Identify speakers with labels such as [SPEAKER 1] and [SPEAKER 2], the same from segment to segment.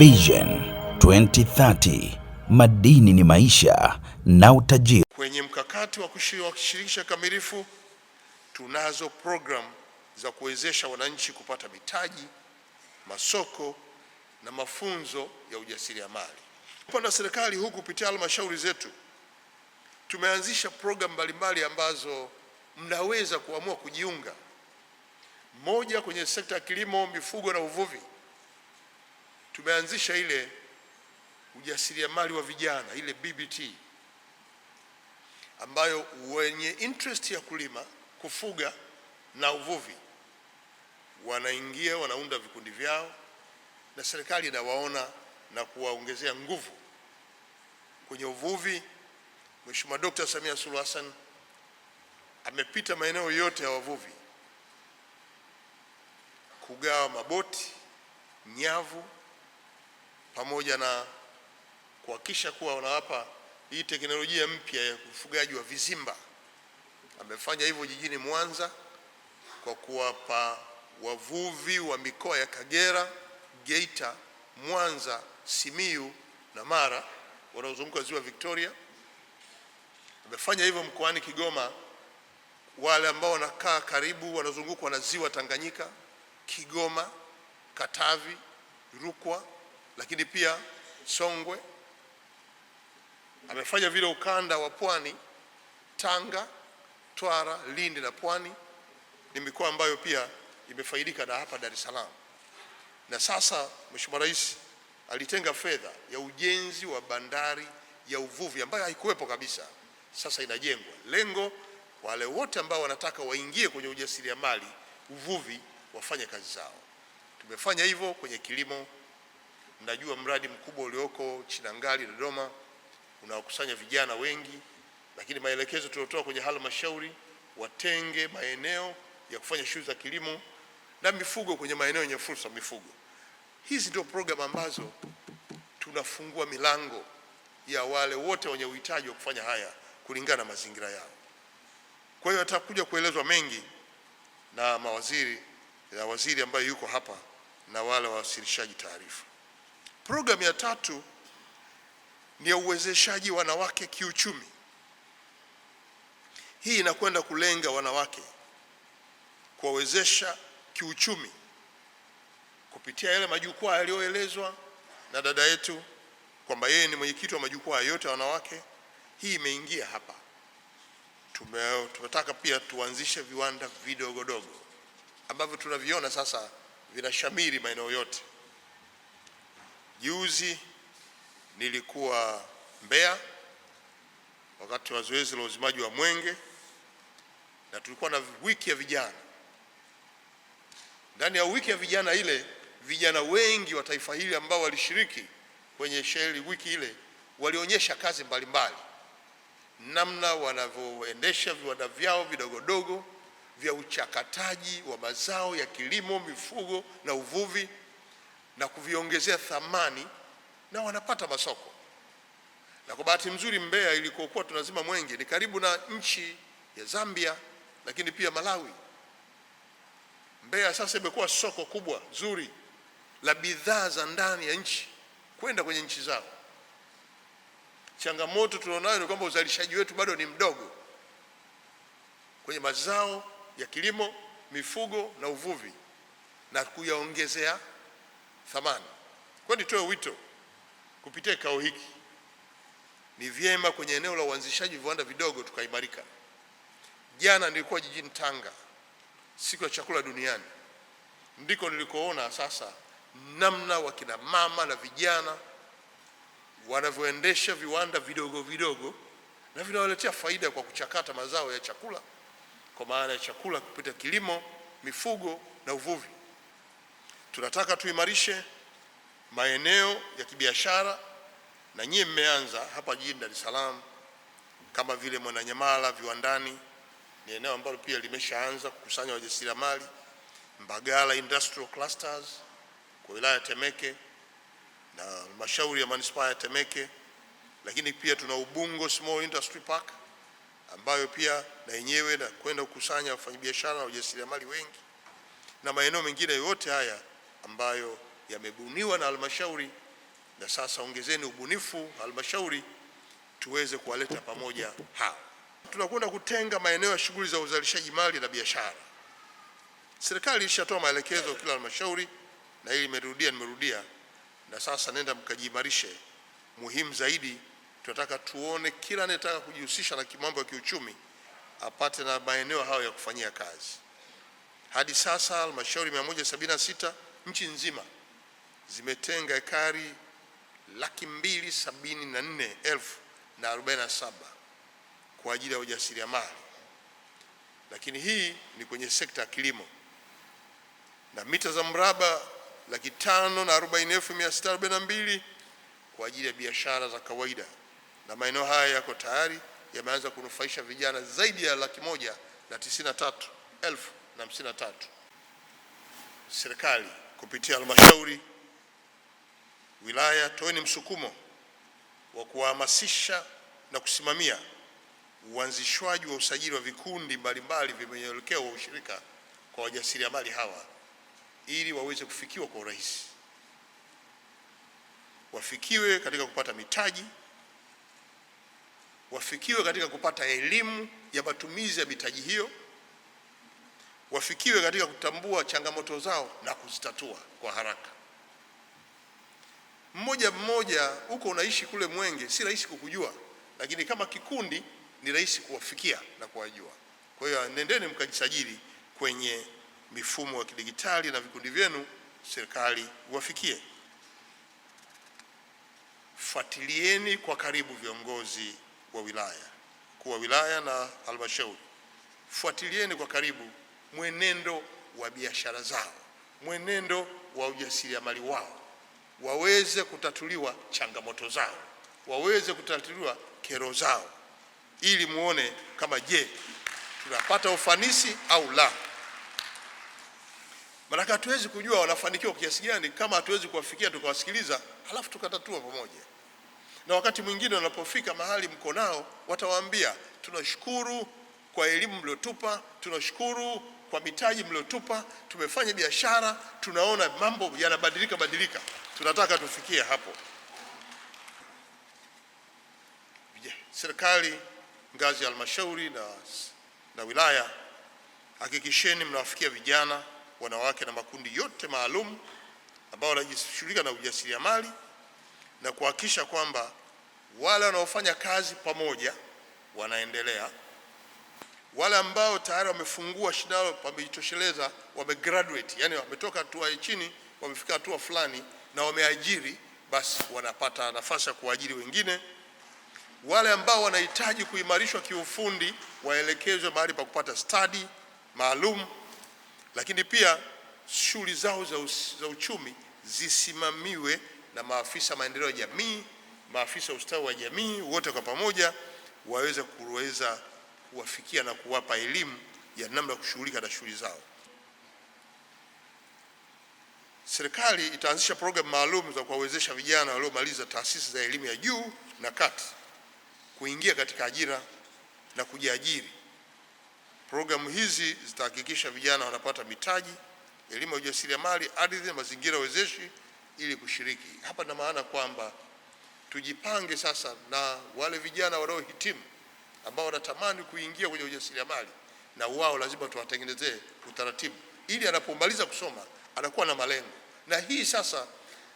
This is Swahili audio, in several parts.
[SPEAKER 1] Vision 2030 madini ni maisha na utajiri.
[SPEAKER 2] Kwenye mkakati wa kushirikisha kamilifu, tunazo program za kuwezesha wananchi kupata mitaji, masoko na mafunzo ya ujasiriamali. Upande wa serikali huu kupitia halmashauri zetu tumeanzisha program mbalimbali ambazo mnaweza kuamua kujiunga. Moja kwenye sekta ya kilimo, mifugo na uvuvi tumeanzisha ile ujasiriamali wa vijana ile BBT ambayo wenye interest ya kulima, kufuga na uvuvi wanaingia wanaunda vikundi vyao, na serikali inawaona na kuwaongezea nguvu kwenye uvuvi. Mheshimiwa Dkt. Samia Suluhu Hassan amepita maeneo yote ya wavuvi kugawa maboti, nyavu pamoja na kuhakikisha kuwa wanawapa hii teknolojia mpya ya ufugaji wa vizimba. Amefanya hivyo jijini Mwanza kwa kuwapa wavuvi wa mikoa ya Kagera, Geita, Mwanza, Simiyu na Mara wanaozunguka ziwa Victoria. Amefanya hivyo mkoani Kigoma, wale ambao wanakaa karibu wanazungukwa na ziwa Tanganyika, Kigoma, Katavi, Rukwa lakini pia Songwe, amefanya vile ukanda wa pwani, Tanga, Twara, Lindi na Pwani ni mikoa ambayo pia imefaidika na hapa Dar es Salaam. Na sasa Mheshimiwa Rais alitenga fedha ya ujenzi wa bandari ya uvuvi ambayo haikuwepo kabisa, sasa inajengwa. Lengo wale wote ambao wanataka waingie kwenye ujasiriamali uvuvi wafanye kazi zao. Tumefanya hivyo kwenye kilimo Mnajua mradi mkubwa ulioko Chinangali Dodoma unaokusanya vijana wengi, lakini maelekezo tuliotoa kwenye halmashauri watenge maeneo ya kufanya shughuli za kilimo na mifugo kwenye maeneo yenye fursa mifugo. Hizi ndio programu ambazo tunafungua milango ya wale wote wenye uhitaji wa kufanya haya kulingana na mazingira yao. Kwa hiyo atakuja kuelezwa mengi na mawaziri ya waziri ambaye yuko hapa na wale wawasilishaji taarifa. Program ya tatu ni ya uwezeshaji wanawake kiuchumi. Hii inakwenda kulenga wanawake kuwawezesha kiuchumi kupitia yale majukwaa yaliyoelezwa na dada yetu kwamba yeye ni mwenyekiti wa majukwaa yote ya wanawake. Hii imeingia hapa. Tumetaka pia tuanzishe viwanda vidogodogo ambavyo tunaviona sasa vinashamiri maeneo yote. Juzi nilikuwa Mbeya wakati wa zoezi la uzimaji wa mwenge, na tulikuwa na wiki ya vijana. Ndani ya wiki ya vijana ile, vijana wengi wa taifa hili ambao walishiriki kwenye sheli wiki ile walionyesha kazi mbalimbali mbali, namna wanavyoendesha viwanda vyao vidogodogo vya uchakataji wa mazao ya kilimo, mifugo na uvuvi na kuviongezea thamani na wanapata masoko. Na kwa bahati nzuri Mbeya ilikokuwa tunazima mwenge ni karibu na nchi ya Zambia, lakini pia Malawi. Mbeya sasa imekuwa soko kubwa zuri la bidhaa za ndani ya nchi kwenda kwenye nchi zao. Changamoto tunaonayo ni kwamba uzalishaji wetu bado ni mdogo kwenye mazao ya kilimo, mifugo na uvuvi na kuyaongezea thamani. Kwa nitoe wito kupitia kikao hiki, ni vyema kwenye eneo la uanzishaji viwanda vidogo tukaimarika. Jana nilikuwa jijini Tanga, siku ya chakula duniani, ndiko nilikoona sasa namna wakina mama na vijana wanavyoendesha viwanda vidogo vidogo na vinawaletea faida kwa kuchakata mazao ya chakula, kwa maana ya chakula kupita kilimo, mifugo na uvuvi. Tunataka tuimarishe maeneo ya kibiashara, na nyie mmeanza hapa jijini Dar es Salaam, kama vile Mwananyamala viwandani ni eneo ambalo pia limeshaanza kukusanya wajasiriamali. Mbagala Industrial Clusters kwa wilaya ya Temeke na halmashauri ya manispaa ya Temeke, lakini pia tuna Ubungo Small Industry Park ambayo pia na yenyewe na kwenda kukusanya wafanyabiashara na wajasiriamali wengi na maeneo mengine yote haya ambayo yamebuniwa na halmashauri, na sasa ongezeni ubunifu halmashauri tuweze kuwaleta pamoja hao. Tunakwenda kutenga maeneo ya shughuli za uzalishaji mali na biashara. Serikali ilishatoa maelekezo kila halmashauri, na hili nimerudia nimerudia, na sasa nenda mkajiimarishe. Muhimu zaidi, tunataka tuone kila anayetaka kujihusisha na mambo ya kiuchumi apate na maeneo hayo ya kufanyia kazi. Hadi sasa halmashauri 176 nchi nzima zimetenga ekari laki mbili sabini na nne elfu na arobaini na saba kwa ajili ya ujasiriamali, lakini hii ni kwenye sekta ya kilimo, na mita za mraba laki tano na arobaini elfu mia sita arobaini na mbili kwa ajili ya biashara za kawaida, na maeneo haya yako tayari yameanza kunufaisha vijana zaidi ya laki moja na tisini na tatu elfu na hamsini na tatu. Serikali kupitia halmashauri wilaya, toeni msukumo wa kuwahamasisha na kusimamia uanzishwaji wa usajili wa vikundi mbalimbali vyenye mwelekeo wa ushirika kwa wajasiriamali hawa ili waweze kufikiwa kwa urahisi, wafikiwe katika kupata mitaji, wafikiwe katika kupata elimu ya matumizi ya mitaji hiyo wafikiwe katika kutambua changamoto zao na kuzitatua kwa haraka. Mmoja mmoja huko unaishi kule Mwenge, si rahisi kukujua, lakini kama kikundi ni rahisi kuwafikia na kuwajua. Kwa hiyo nendeni mkajisajili kwenye mifumo ya kidigitali na vikundi vyenu, serikali wafikie. Fuatilieni kwa karibu viongozi wa wilaya, mkuu wa wilaya na halmashauri, fuatilieni kwa karibu mwenendo wa biashara zao, mwenendo wa ujasiriamali wao, waweze kutatuliwa changamoto zao, waweze kutatuliwa kero zao, ili muone kama je, tunapata ufanisi au la. Maanake hatuwezi kujua wanafanikiwa kiasi gani kama hatuwezi kuwafikia tukawasikiliza, halafu tukatatua pamoja. Na wakati mwingine wanapofika mahali mko nao, watawaambia tunashukuru kwa elimu mliotupa, tunashukuru kwa mitaji mliotupa, tumefanya biashara, tunaona mambo yanabadilika badilika. Tunataka tufikie hapo. Serikali ngazi ya halmashauri na, na wilaya, hakikisheni mnawafikia vijana, wanawake na makundi yote maalum ambao wanajishughulika na ujasiriamali na kuhakikisha kwamba wale wanaofanya kazi pamoja wanaendelea wale ambao tayari wamefungua shida lao, wamejitosheleza, wamegraduate, yani wametoka hatua ya chini, wamefika hatua fulani na wameajiri, basi wanapata nafasi ya kuajiri wengine. Wale ambao wanahitaji kuimarishwa kiufundi waelekezwe mahali pa kupata stadi maalum, lakini pia shughuli zao za, za uchumi zisimamiwe na maafisa maendeleo ya jamii, maafisa ustawi wa jamii, wote kwa pamoja waweze kuweza kuwafikia na kuwapa elimu ya namna ya kushughulika na shughuli zao. Serikali itaanzisha programu maalum za kuwawezesha vijana waliomaliza taasisi za elimu ya juu na kati kuingia katika ajira na kujiajiri. Programu hizi zitahakikisha vijana wanapata mitaji, elimu ya ujasiriamali, ardhi na mazingira wezeshi ili kushiriki. Hapa na maana kwamba tujipange sasa na wale vijana wanaohitimu ambao wanatamani kuingia kwenye ujasiriamali, na wao lazima tuwatengenezee utaratibu ili anapomaliza kusoma anakuwa na malengo, na hii sasa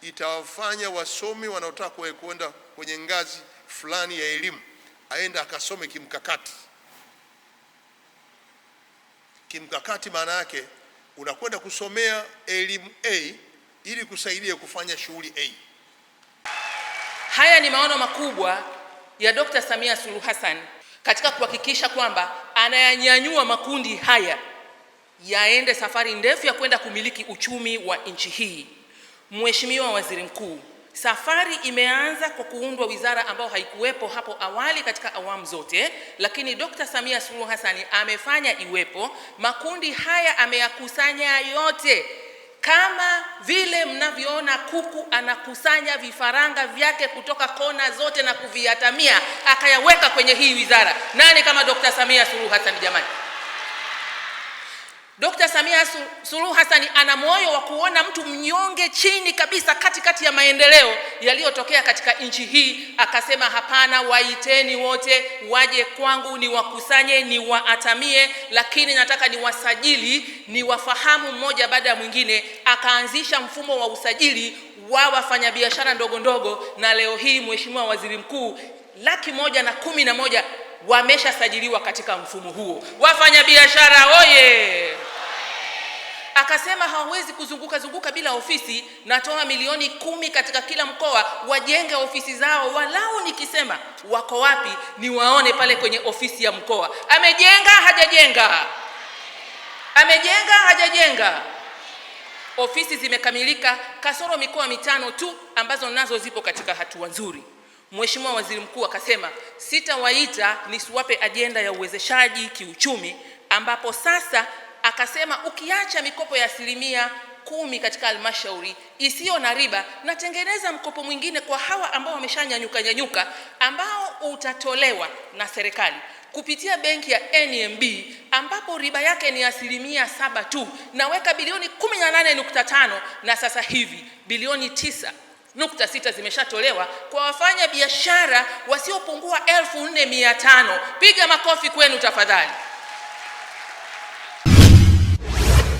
[SPEAKER 2] itawafanya wasomi wanaotaka kwenda kwenye ngazi fulani ya elimu aenda akasome kimkakati. Kimkakati maana yake unakwenda kusomea elimu A ili kusaidia kufanya shughuli A.
[SPEAKER 3] Haya ni maono makubwa ya Dr. Samia Suluhu Hassan katika kuhakikisha kwamba anayanyanyua makundi haya yaende safari ndefu ya kwenda kumiliki uchumi wa nchi hii. Mheshimiwa Waziri Mkuu, safari imeanza kwa kuundwa wizara ambayo haikuwepo hapo awali katika awamu zote, lakini Dkt. Samia Suluhu Hassan amefanya iwepo. Makundi haya ameyakusanya yote kama vile mnavyoona kuku anakusanya vifaranga vyake kutoka kona zote na kuviatamia akayaweka kwenye hii wizara. Nani kama Dr. Samia Suluhu Hassan jamani? Dkt. Samia Suluhu Hassan ana moyo wa kuona mtu mnyonge chini kabisa katikati kati ya maendeleo yaliyotokea katika nchi hii, akasema hapana, waiteni wote waje kwangu, niwakusanye, niwaatamie, lakini nataka niwasajili, niwafahamu mmoja baada ya mwingine. Akaanzisha mfumo wa usajili wa wafanyabiashara ndogo ndogo, na leo hii Mheshimiwa Waziri Mkuu, laki moja na kumi na moja wameshasajiliwa katika mfumo huo. Wafanyabiashara oye! Akasema hawawezi kuzunguka zunguka bila ofisi, natoa milioni kumi katika kila mkoa wajenge ofisi zao, walau nikisema wako wapi niwaone pale kwenye ofisi ya mkoa. Amejenga hajajenga? Amejenga hajajenga? Ofisi zimekamilika, kasoro mikoa mitano tu ambazo nazo zipo katika hatua nzuri. Mheshimiwa Waziri Mkuu akasema sitawaita nisiwape ajenda ya uwezeshaji kiuchumi, ambapo sasa akasema ukiacha mikopo ya asilimia kumi katika halmashauri isiyo na riba, natengeneza mkopo mwingine kwa hawa ambao wameshanyanyuka nyanyuka, ambao utatolewa na serikali kupitia benki ya NMB ambapo riba yake ni asilimia saba tu, naweka bilioni 18.5 na sasa hivi bilioni tisa nukta sita zimeshatolewa kwa wafanya biashara wasiopungua elfu nne mia tano. Piga makofi kwenu tafadhali.